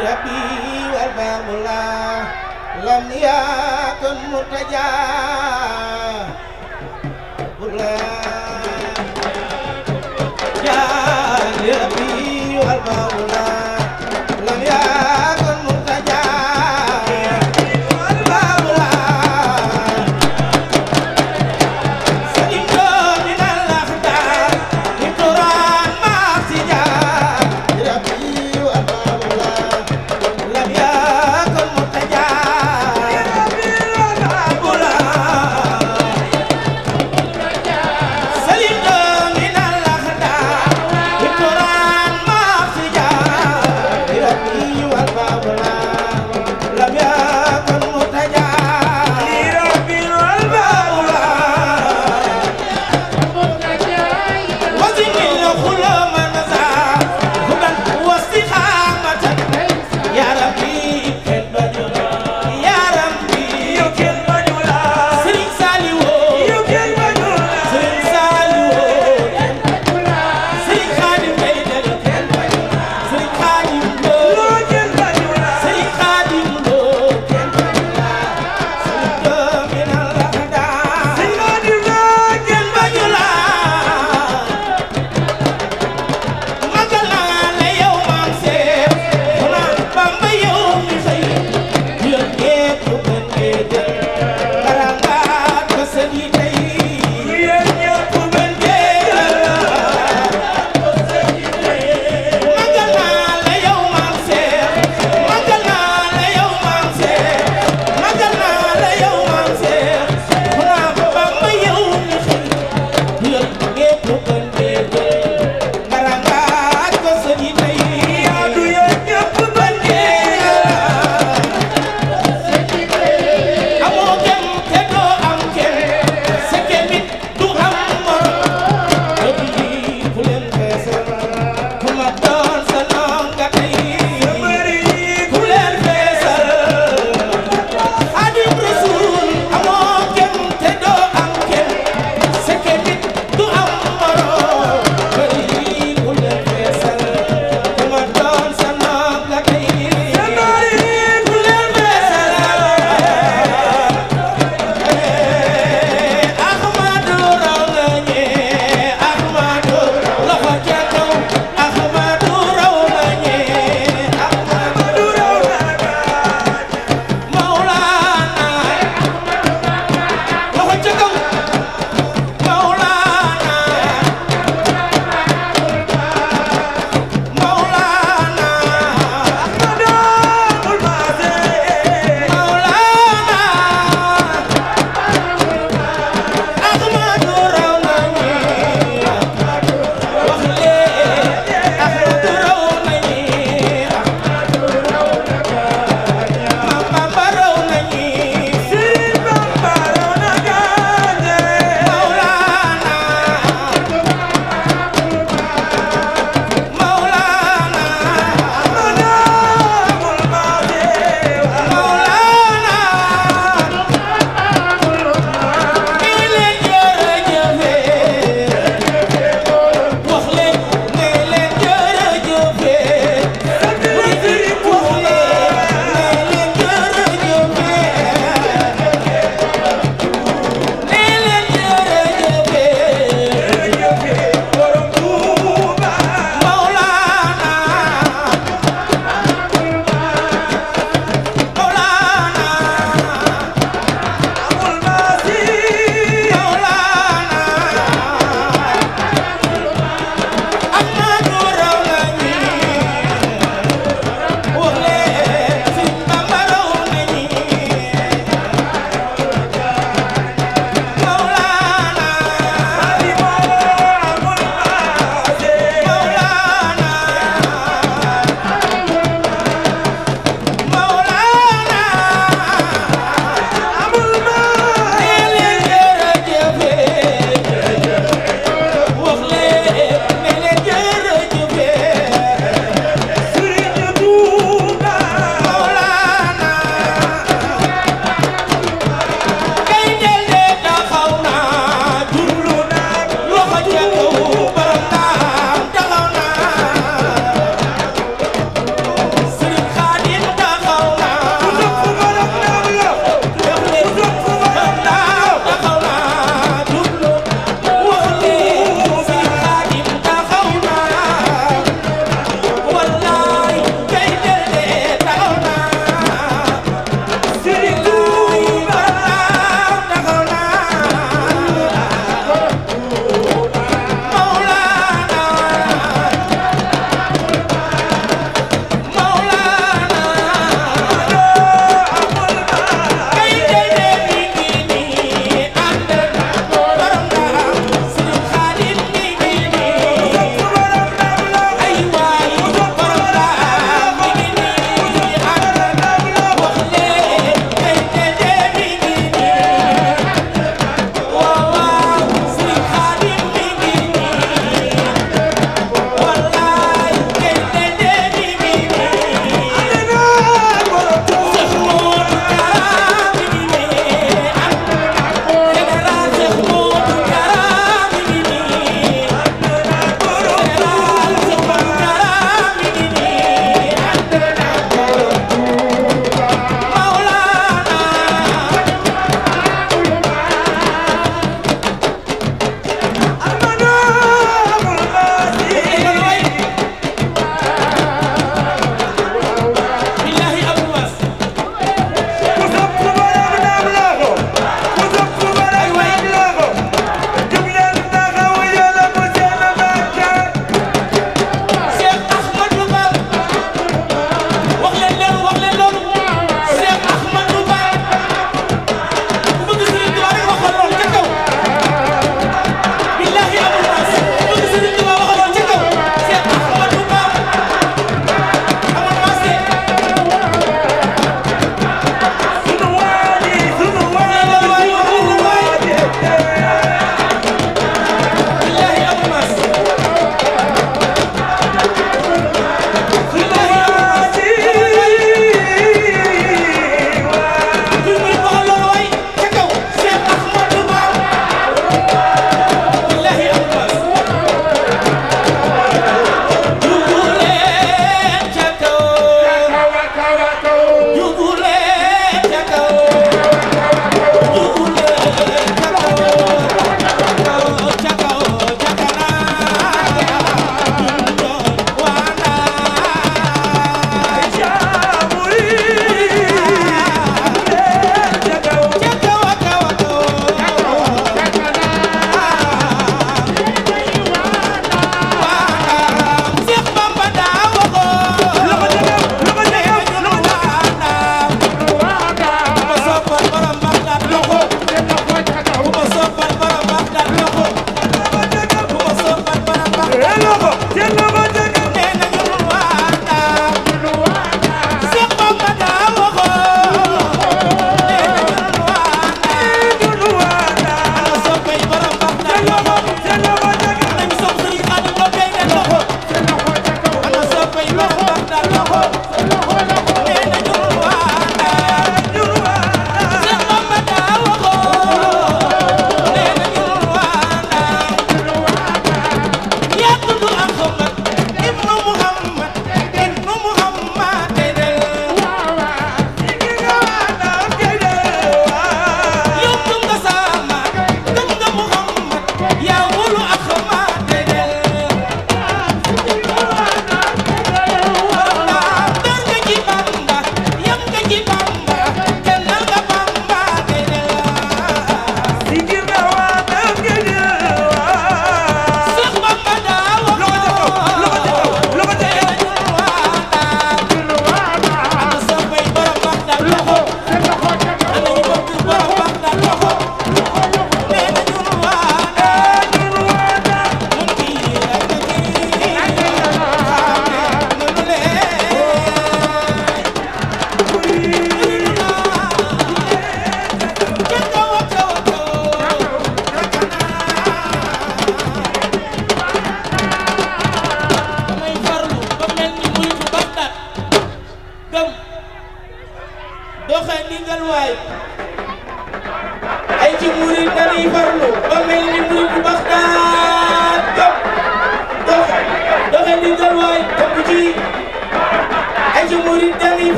ربي والباب الله لم يكن مرتجاه doxe ndigal waay ay ci murit dañuy